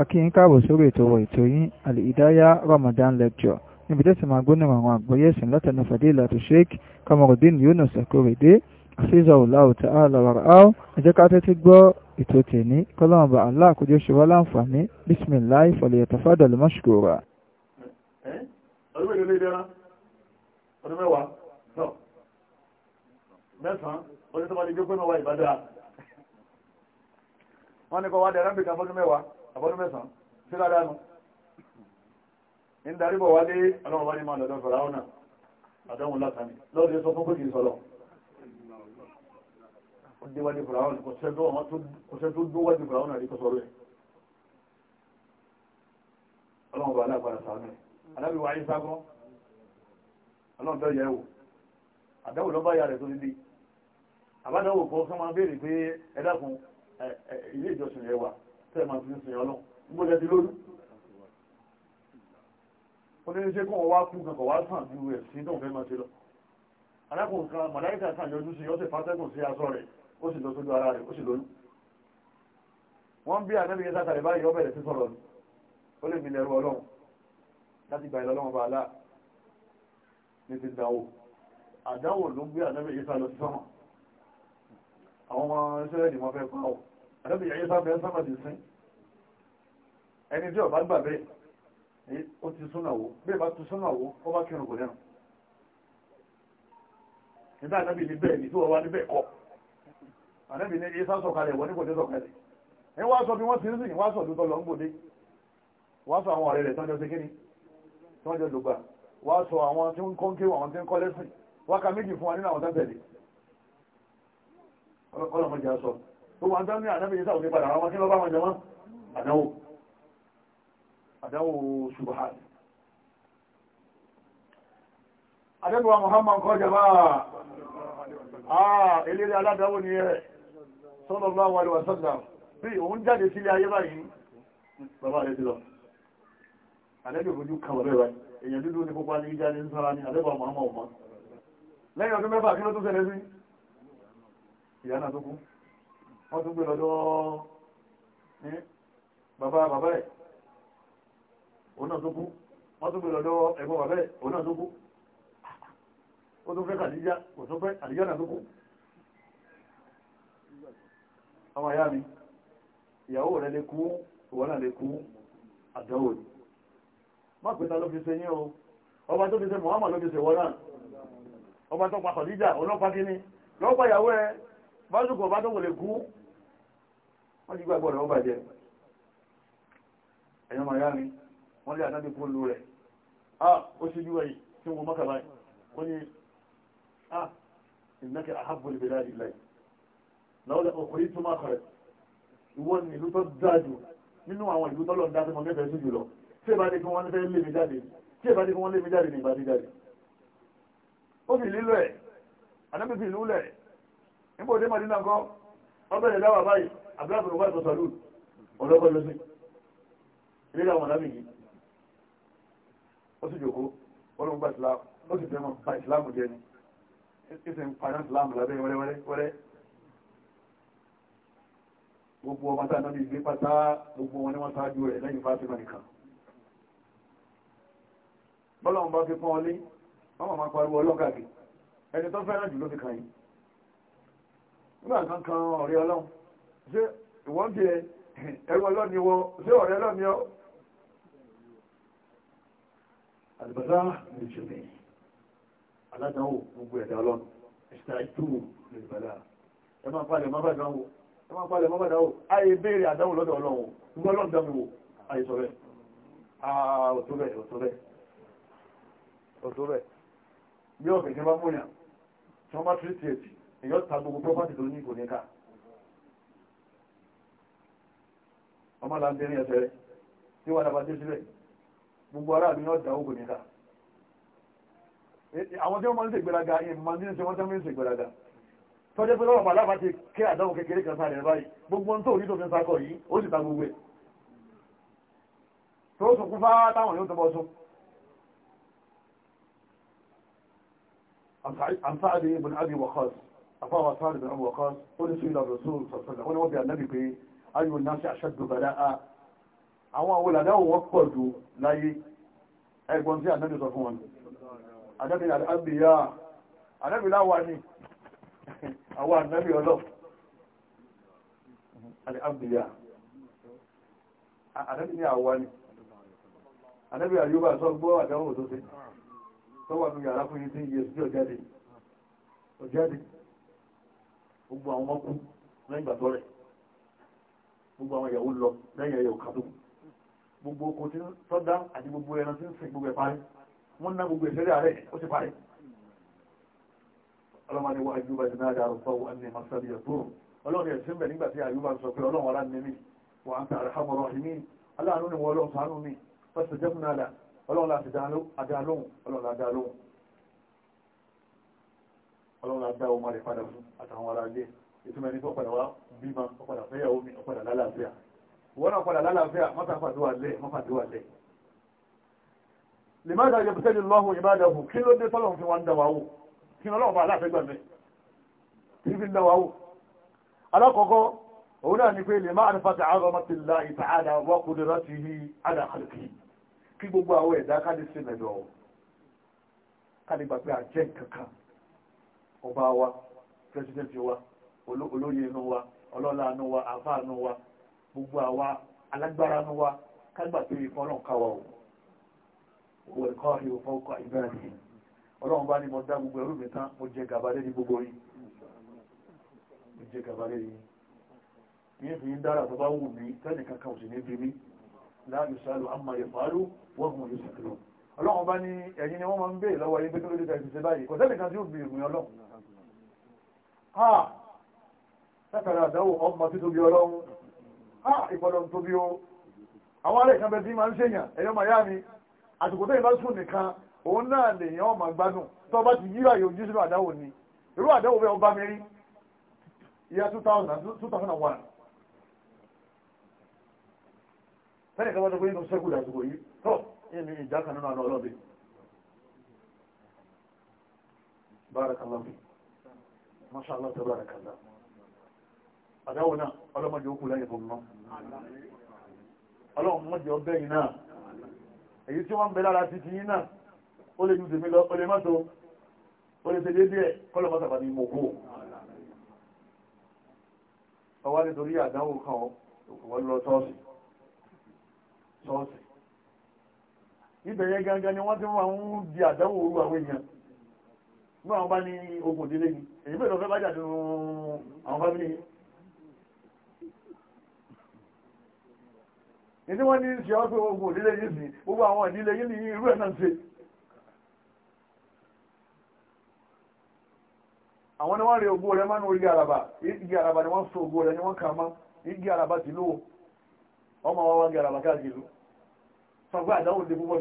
akíyín káàbọ̀ sórí ètò ọ̀rọ̀ ètò yín àlìdáyà Ramadan lecture níbi tẹ́sí máa gbóná àwọn àgbọ̀yé ẹ̀sìn látẹnu Fadilatu Sheikh Kamarudin Yunus Akorede àfihàn ọ̀làwọ̀ tá a lọ rà áwọ̀ ẹ jẹ́ ká tẹ́tí gbọ́ ètò tèmi kọ́lọ́mọba Allah àkójọ ṣe wá láǹfààní bisimilahi falyatafadal mashkura. ọdún mélòó lè ọdún mẹ́wàá mẹ́sàn-án ọdún tó àbọ́dún mẹ́sàn-án sí ládánù ń darí bọ̀ wálé ọlọ́run wálé máa lọ́dọ̀ fọ̀rọ̀ àwọn àdánwò látàní lọ́dún sọ fún pé kìí sọlọ ó dé wálé fọ̀rọ̀ àwọn kò sẹ́ tó dún wálé fọ̀rọ̀ àwọn àríkọ́ sọ̀rọ̀ ẹ̀ ọlọ́run bá aláàbára sàánú alábí wáyé ságọ́ ọlọ́run tó yẹ ẹ̀wò àdánwò ló bá yà rẹ̀ tó níbi àbádọ́wò kọ́ sọ́mọ́ béèrè pé ẹ dákun ilé ìjọsìn rẹ̀ wà tẹ́ẹ̀mà wọ́n bí ànábì yẹn sáta báyìí ó bẹ̀rẹ̀ sí sọ̀rọ̀ ni ó lè mi lẹ́rú ọlọ́run láti gbà ìlọ́lọ́run bá aláà ní ti dáwò àdáwò ló ń gbé ànábì yẹn sá lọ sí àwọn ọmọ àdọ́bì yẹn sábẹ́ sábàdì sí ẹni tí ọba gbà bẹ́ẹ̀ ó ti súnàwó bẹ́ẹ̀ bá ti súnàwó ó bá kírun kò lẹ́nu nígbà àdọ́bì ní bẹ́ẹ̀ ní tí wọ́n wá ní bẹ́ẹ̀ kọ́ àdọ́bì ní ìsá sọ̀kalẹ̀ wọ́n ní kò dé sọ̀kalẹ̀ ẹ wá sọ bí wọ́n ti ń sìn wá sọ tó lọ ń gbòde wá sọ àwọn ọ̀rẹ́ rẹ̀ tọ́jọ́ sí kíní tọ́jọ́ dùgbà wá sọ àwọn tí ń kọ́ ń ké àwọn tí ń kọ́ lẹ́sìn wákà méjì fún wa nínú àwọn tẹ́tẹ̀lé ọlọ́mọdé aṣọ tó wà ń tán ní àdábìyẹ sáà òní padà àwọn kí lọ bá wọn jẹmọ́ àdánwò àdánwò ṣùgbọ́n àdẹ́bùwà Muhammad kọ́ jẹba àà ah, eléré aládàáwò ni ẹ sallallahu alaihi wasallam bí òun jáde sílé ayé báyìí bàbá rẹ̀ ti lọ àdẹ́bì òfojú kàwàrẹ̀ rẹ̀ èyàn dúdú ní púpá ní jáde ń sára ní àdẹ́bùwà Muhammad ọmọ lẹ́yìn ọdún mẹ́fà wọ́n tún gbé lọ́dọ́ bàbá bàbá ẹ̀ òun tó kú wọ́n tún gbé lọ́dọ́ ẹ̀gbọ́n bàbá ẹ̀ òun tó kú ó tún fẹ́ kàdíjá kò tún fẹ́ kàdíjá náà tó kú ọmọ ìyá mi ìyàwó rẹ̀ lè kú ìwọ́n náà lè kú àdánwò ni má pẹ́ta ló fi ṣe yín o ọba tó fi ṣe Muhammad ló fi ṣe wọ́n náà ọba tó pa kàdíjá ọlọ́pàá kíní lọ́pàá ìyàwó ẹ bá tó kò bá tó kò kú wọ́n ti gbàgbọ́ ọ̀nà ó bàjẹ́ ẹ̀yàn màá yá mi wọ́n lé àtàbí kúrò lú rẹ̀ ah ó ṣe yúwẹ̀ tí wọ́n mọ́kàlá ó ní ah ìnákẹ́ àhábò lè bẹ̀rẹ̀ ìlẹ̀ lọ́wọ́lẹ̀ ọkùnrin tó máa kọ̀rẹ̀ ìwọ́n ni ìlú tó dájú nínú àwọn ìlú tọ́lọ̀ dá tọmọ mẹ́fẹ̀ẹ́ sí jùlọ tí ìbá ní kí wọ́n fẹ́ lé mi jáde tí ìbá ní kí wọ́n lé mi jáde ní ọbẹ̀rẹ̀ dáwà báyìí abúlábùrù wà tó sọlú ọlọ́kọ́ lọ sí ilé àwọn ọ̀nà méjì ó sì jòkó ọlọ́run gba ìsìlámù ó sì fẹ́ràn pa ìsìlámù jẹ ni ó sì ń paná ìsìlámù lábẹ́ wẹ́rẹ́wẹ́rẹ́ gbogbo ọmọ tá a nábi ìgbé pátá gbogbo wọn ni wọ́n sáájú rẹ̀ lẹ́yìn fásitì nìkan bọ́lọ́run bá fi pọ́n ọlé wọ́n máa pariwo ọlọ́gàgì ẹni tó fẹ́ràn jù ló fi kàn yín nígbà kan kan ọ̀rẹ́ ọlọ́run ṣé ìwọ́n bí ẹrù ọlọ́ni wọ ṣé ọ̀rẹ́ ọlọ́ni ọ́ àdìbàdá nìjọba aládánwò gbogbo ẹ̀dá ọlọ́nu ìṣẹ́ àìtúwò nìjọba ẹ máa palẹ̀ má bàdánwò ẹ máa palẹ̀ má bàdánwò ayé béèrè àdánwò lọ́dọ̀ ọlọ́run gbogbo ọlọ́run dánwò ayé sọ bẹ́ẹ̀ àà ọ̀tọ́ bẹ́ẹ̀ ọ̀tọ́ bẹ́ẹ̀ ọ̀tọ́ bẹ́ẹ̀ bí ọ̀fẹ́ ìjọba múyàn tí wọ́n bá tírí tiẹ̀ tí èyàn ta gbogbo pọ́pátì tó ní kò ní ká ọmọ là ń tẹ́rí ẹsẹ̀ rẹ̀ tí wà lábàtí sílẹ̀ gbogbo ara mi ọ̀dà ogun nìta àwọn tí wọ́n máa ń ṣègbéraga ìmọ̀ ní ṣe wọ́n tẹ́ mí ṣègbéraga tọ́jẹ́ pé lọ́wọ́ pàlápà ti kí àdáwò kékeré kan sáré báyìí gbogbo ohun tó rí tó fi ń sakọ̀ yìí ó sì ta gbogbo ẹ̀ tó sùnkún fá táwọn yóò tọ́bọ̀ sún àǹsáàdì ibùn abi waqas afáwà sáàdì ibùn abi waqas ó ní sí ayò náà ṣe àṣẹ́dù bẹ̀rẹ̀ a àwọn awolàdá wọ́n pọ̀ jù láyé ẹgbọ́n tí àdájọ́ sọ fún wọn adábìnrin àdábìyà adábìnrin àwọn ni àwọn àdábì ọlọ́ àdábìyà adábìnrin àwọn ni adábìnrin àyóbá sọ gbọ́ àdáwò tó ṣe tó wà ní yàrá fún gbogbo àwọn ìyàwó lọ lẹ́yìn ẹ̀yọ̀ kàdó gbogbo oko tí sọ́dá àti gbogbo ẹran tí ń sìn gbogbo ẹ̀ parí wọ́n ná gbogbo ìṣẹ́lẹ̀ ààrẹ ó ti parí ọlọ́mọdé wa ayúbà ti náà dárò sọ́wọ́ ẹni masari ẹ̀tọ́ ọlọ́run ẹ̀sìn bẹ̀ nígbà tí ayúbà sọ pé ọlọ́run ọlá ní mi wà á ń ta àrẹ́hámọ́ rahimi aláàánú ni adá ọmọ padà fún àtàwọn ará ilé ìtumẹ̀ ní ọ̀padà wá bímọ ọ̀padà fẹ́yàwó mi ọ̀padà lálàáfíà wọ́n náà ọ̀padà lálàáfíà mọ́tàfàdúwà lẹ̀ mọ́fàdúwà lẹ̀ lè má dájẹ́ pẹ́sẹ́ ní lọ́hùn ìbádàhùn kí ló dé tọ́lọ̀ fi wọ́n dáwàwó kí lọ́lọ́ bá aláfẹ́gbàmẹ́ kí fi dáwàwó alákọ̀ọ́kọ́ òun náà ni pé lè má àrífàtà àrọmọtìlá ìtàádà wọ́kùnrin láti rí àdàkàlùkì kí gbogbo àwọ̀ ẹ̀dá wa olóyè inú wa ọlọ́lá inú wa àfà inú wa gbogbo àwa alágbára inú wa kágbà pé ikọ̀ ọlọ́run káwa o owó ẹ̀kọ́ ìwò fọ́kọ̀ ìbẹ̀rẹ̀ sí ọlọ́run bá ní mo dá gbogbo ẹrú mi tán mo jẹ gàba lé ní gbogbo yín mo jẹ gàba lé ní ní fi ń dára tó bá wù mí tẹ́nì kankan ò sì ní bí mí láàrín sálò àmà ìfàálù wọ́n mú yóò sàkìlọ́ ọlọ́run bá ní ẹ̀yin ni wọ́n máa ń bèèrè lọ́wọ́ yín pé kí ló dé ta ìfisẹ́ báyìí kò sẹ́nì kan tí ó bèèrè mú ọlọ́run látara àdáwò ọmọ títóbi ọlọ́run á ìpọlọ́run tóbi ó àwọn ará ìkan bẹ tí máa ń ṣèyàn ẹ̀yọ́ máa yá mi àsìkò tó ìbá sùn nìkan òun náà lèèyàn ọmọ gbádùn tó bá ti yíra yóò jísùn àdáwò ni irú àdáwò bẹ́ẹ̀ ọba mẹ́rin ìyá 2001 fẹ́rẹ̀ kan wọ́n tó pé inú sẹ́kù lásìkò yìí tó inú ìjà kan nínú àná ọlọ́bẹ̀ bárakàlá mi masha Allah tabarakallah àdáwò náà ọlọ́mọdé ó kù láyé fún mọ́ ọlọ́mọdé ọbẹ̀ yìí náà èyí tí wọ́n ń bẹ lára ti ti yín náà ó lè ju tèmi lọ ó lè mọ́tò ó lè tẹ́lé díẹ̀ kọ́lọ́mọ́ sàbà ní mọ̀kó ọwá nítorí àdáwò kan wọ́n lọ sọ́ọ̀sì sọ́ọ̀sì ìbẹ̀rẹ̀ gangan ni wọ́n ti wọ́n ń di àdáwò orú àwọn èèyàn ní àwọn bá ní ogun délé ni èyí bẹ̀rẹ̀ fẹ́ bá jà nínú àwọn fámílì yìí ndị wọ́n ní ṣe ọ́pẹ́ ogun òdílé yìí sí gbogbo àwọn ìdílé yìí ní irú ẹ̀ náà ṣe àwọn ni wọ́n rí ogun rẹ̀ máa ń orí àràbà igi àràbà ni wọ́n so ogun rẹ̀ ni wọ́n kà igi àràbà ọmọ wa wá igi àràbà káàkiri sọ àdáwò dé púpọ̀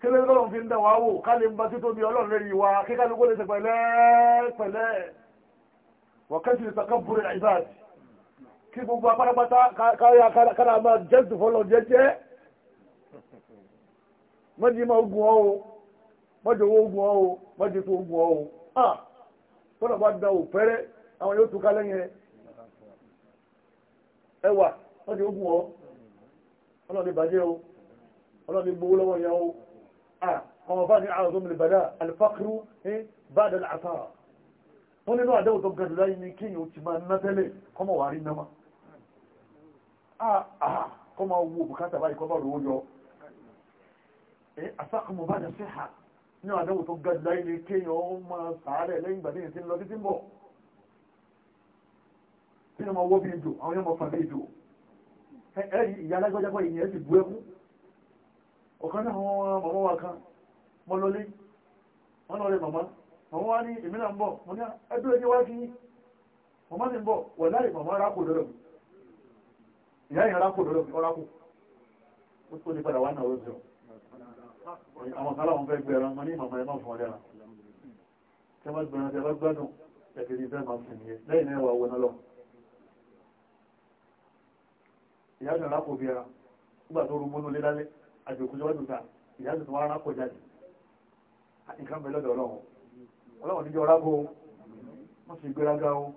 kílé lọ́rùn fi ń dá wàá kálí ń bá tító bí ọlọ́run yìí wá lè ṣe pẹ̀lẹ́ pẹ̀lẹ́ kí gbogbo apárápátá kára máa jẹ́sù fọ́lọ̀ jẹ́jẹ́ mọ́jì máa ogun ọ́ o mọ́jì owó ogun ọ́ o mọ́jì tó ogun ọ́ o ah tọ́nà bá da òpẹ́rẹ́ àwọn yóò túká lẹ́yìn rẹ̀ ẹwà mọ́jì ogun ọ́ ọlọ́ni bàjẹ́ o ọlọ́ni gbowó lọ́wọ́ ìyá o ah ọmọ bá ní àwọn ọmọ ìbàdà alifakuru ní bá àtàrà wọ́n nínú àdáwò tó gàdúrà yìí ní kíyàn ó ti máa ná tẹ́lẹ̀ kọ́mọ̀ wà rí náà Ah, ah, kọ́ máa wo bùkátà báyìí kọ́ rò ó yọ àsákùnmọ̀ bá jẹ́ ha, ní àdánwò tó ga láì lè kéèyàn ó máa sàárẹ̀ lẹ́yìn ìgbà tí ń lọ títí ń bọ̀ tí wọ́n máa wọ́ bí ejò àwọn yóò máa fà bí ejò ẹ̀rí ìyá alágbájápọ̀ bú ẹkú ọ̀kan wa kan wa ní ń bọ̀ ní ìyá yẹn rákò lórí ọrákò ó tó ní padà wà náà lóṣù àwọn kan láwọn fẹ́ gbẹ̀rẹ̀ wọn ní màmá ẹ fún ọlẹ́ra tẹ bá gbẹ̀rẹ̀ tẹ bá gbádùn ẹ̀kẹ́ni fẹ́ máa fún ìyẹn lẹ́yìn náà wà wọná lọ ìyá yẹn rákò bí ara nígbà tó rúgbónú lé lálẹ́ àjòkú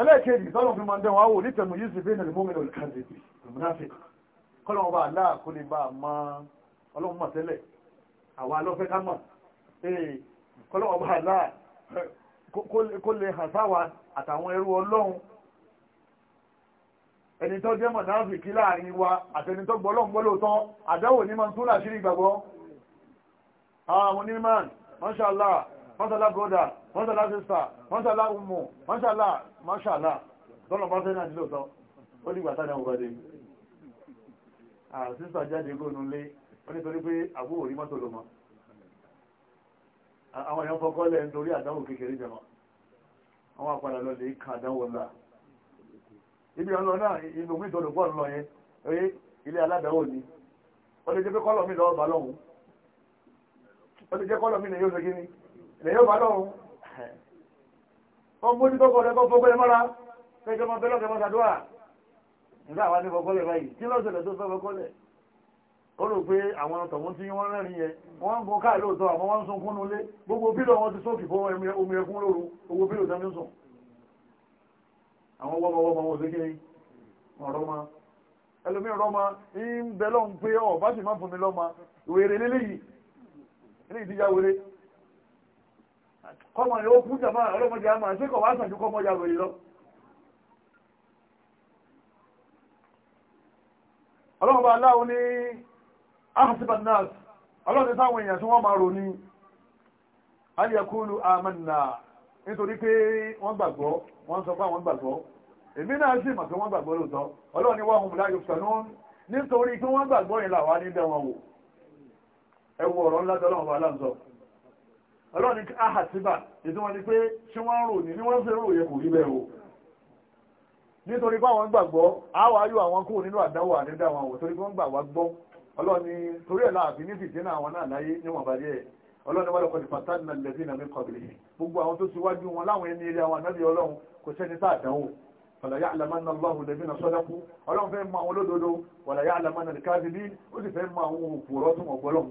ẹlẹ́ẹ̀kejì tọ́lọ̀ fi máa ń dẹ̀wọ̀n àwò nítẹ̀mù yìí sí bẹ́ẹ̀ mọ́mìnà olùkàndìdì ìmúnáfíkì kọ́lọ̀wọ́n bá aláà kó lè bá ma ọlọ́run mọ̀ tẹ́lẹ̀ àwọn alọ́fẹ́ ká mọ̀ ee kọ́lọ̀wọ́n bá aláà kó lè hàn sáwà àtàwọn ẹrú ọlọ́run ẹni tó jẹ́ mọ̀náfíkì láàrin wa àtẹni tó gbọ́ mọ́ṣálá sísà mọ́ṣálá umu mọ́ṣálá mọ́ṣálá tọ́lọ̀ bá fẹ́ràn àdílò tọ́ ó dìgbà tánà òbádé sísà jáde gónú lé ó nítorí pé àbúrò rí mọ́tò lọ́mọ àwọn èèyàn fọkọ́lẹ̀ nítorí àdánwò kékeré jẹmọ́ àwọn àpàdà lọ lè kà àdánwò ńlá ibi ọlọ náà inú mi tọ́lọ̀ pọ̀ lọ yẹn oye ilé aládàáwò ni ó lè jẹ́ pé kọ́lọ̀ mi lọ́ọ́ bá lọ́hùn ó lè jẹ́ kọ́lọ̀ mi lè yóò ṣe kí ni lè yóò bá lọ́hùn ọmọ ní kọ́kọ́ rẹ̀ kọ́ fọ́gbẹ́lẹ̀ mọ́ra kẹjọ mọ́ bẹ́lọ́ kẹmọ́ sàdúrà nígbà wà ní fọ́gbọ́lẹ̀ báyìí tí lọ́sẹ̀lẹ̀ tó fẹ́ fọ́gbọ́lẹ̀ ó rò pé àwọn tọ̀wọ́n tí wọ́n rẹ́rin yẹn wọ́n ń gun káà lóòótọ́ àwọn wọ́n ń sun kúnnú lé gbogbo bílọ̀ wọn ti sókè fún omi ẹkún lóru owó bílọ̀ tán ní sùn àwọn wọ́mọ wọ́mọ wọn sí kí wọ́n rọ́mọ ẹlòmí rọ́mọ ń bẹ lọ́n pé ọ̀ bá sì má fún mi lọ́mọ ìwèrè lélẹ́yìí eléyìí ti já wèrè kọ́mọ rẹ̀ ó kú jàmá ọlọ́mọdé àmà ṣé kọ̀ wá sàn ju kọ́mọ yàrá yìí lọ. ọlọ́mọba aláwo ní ahasibanas ọlọ́dẹ sáwọn èèyàn tí wọ́n máa rò ní aliyakulu amanna nítorí pé wọ́n gbàgbọ́ wọ́n sọ pé àwọn gbàgbọ́ èmi náà sì mọ̀ pé wọ́n gbàgbọ́ lóòótọ́ ọlọ́ọ̀ni wà hùn láyò sànú nítorí pé wọ́n gbàgbọ́ yẹn làwọn á ní dẹ́wọ̀n wò ẹwọ ọ̀rọ̀ ńlá tọ́lọ́wọ́ aláǹsọ̀ ọlọ́run ní ahàtíbà ètò wọn ni pé ṣé wọ́n rò ní ní wọ́n fẹ́ rò yẹ kò rí bẹ́ẹ̀ o nítorí pé àwọn gbàgbọ́ àwọn ayò àwọn kúrò nínú àdáwò àdídá wọn wò torí pé wọ́n gbà wá gbọ́ ọlọ́ni torí ẹ̀ láàfin ní fìtínà àwọn náà láyé níwọ̀n bá rí ẹ̀ ọlọ́ni wọ́n lọ́kọ̀ nípa tánà lẹ́sí ìnàmí kọ̀bìlì gbogbo àwọn tó síwájú wọn láwọn ẹni eré àwọn ànábì ọlọ́run kò sẹ́ni tá àdánwò fala ya'lamanna Allahu alladhina sadaqu ọlọ́run fẹ́ mọ àwọn olódodo wala ya'lamanna al-kadhibin ó sì fẹ́ mọ àwọn òpùrọ́ tó mọ̀ gbọ́lọ́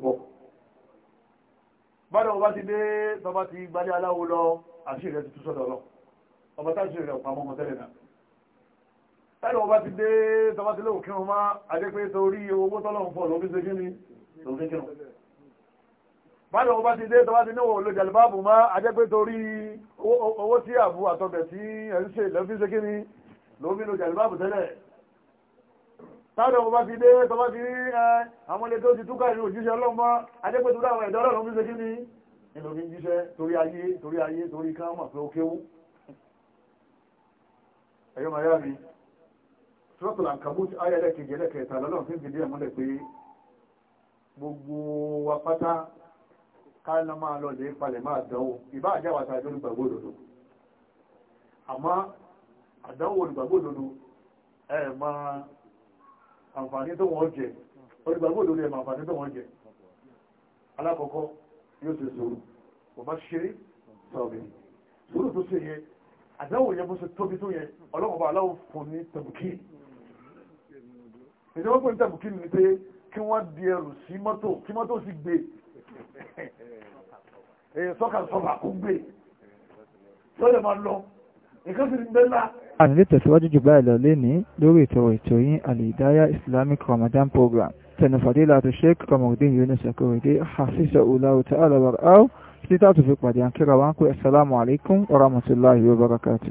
bọ́dọ̀ ọba ti dé tọba ti gbalé aláwo lọ àṣírí rẹ̀ ti tú sọ́dọ̀ lọ ọba táṣírí rẹ̀ pàmọ́ ọmọ tẹ́lẹ̀ náà tẹ́lẹ̀ ọba ti dé tọba ti lóò kírun má adépé torí owó tọ́lọ́run fọ́ lórí ṣe kíní lórí kírun bọ́dọ̀ ọba ti dé tọba ti níwò lójà lùbáàbù má adépé torí owó tí àbú àtọ̀bẹ̀ tí ẹ̀ ń ṣe lọ́fí ṣe kíní lórí lójà lùbáàbù tẹ́lẹ̀ táwọn ọmọ bá fi dé tó bá fi rí àwọn ilé tó ti túkà ìlú òjíṣẹ́ ọlọ́mọ adépẹ̀túkà àwọn ẹ̀dọ́ ọlọ́run fi ṣe kí ni ìlú fi ń jíṣẹ́ torí ayé torí ayé torí káwọn mọ̀ pé ó kéwú ẹ̀yọ́ màá mi sọ́tọ̀lá kàbút ayẹ́lẹ́kẹ̀ẹ́ ẹlẹ́kẹ̀ẹ́ta lọ́lọ́run fi àǹfààní tó wọ́n jẹ olùgbàgbọ́ òdòdó ẹ̀mà àǹfààní tó wọ́n jẹ alákọ̀ọ́kọ́ yóò ṣe sùúrù kò bá ṣe sọ̀rọ̀ sùúrù tó ṣe yẹn àdáwò yẹn bó ṣe tóbi tó yẹn ọlọ́mọba aláwọ̀ fún ní tẹ̀bùkì ìjọba pé ní tẹ̀bùkì ni pé kí wọ́n di ẹrù sí mọ́tò kí mọ́tò sì gbé sọ́kà sọ́kà kó gbé sọ́dẹ̀ máa lọ ànílé tẹ̀síwájú jù báyìí lọ lénìí lórí ìtọ̀rọ̀ ètò yín àlìdáyà islamic ramadan program tẹnifàdé láti sheik kọmọdé yunus akorede hasisa ulawu ta'ala warau títí tá a tún fi pàdé àkírà wa ń pè assalamu alaikum wa rahmatullahi wa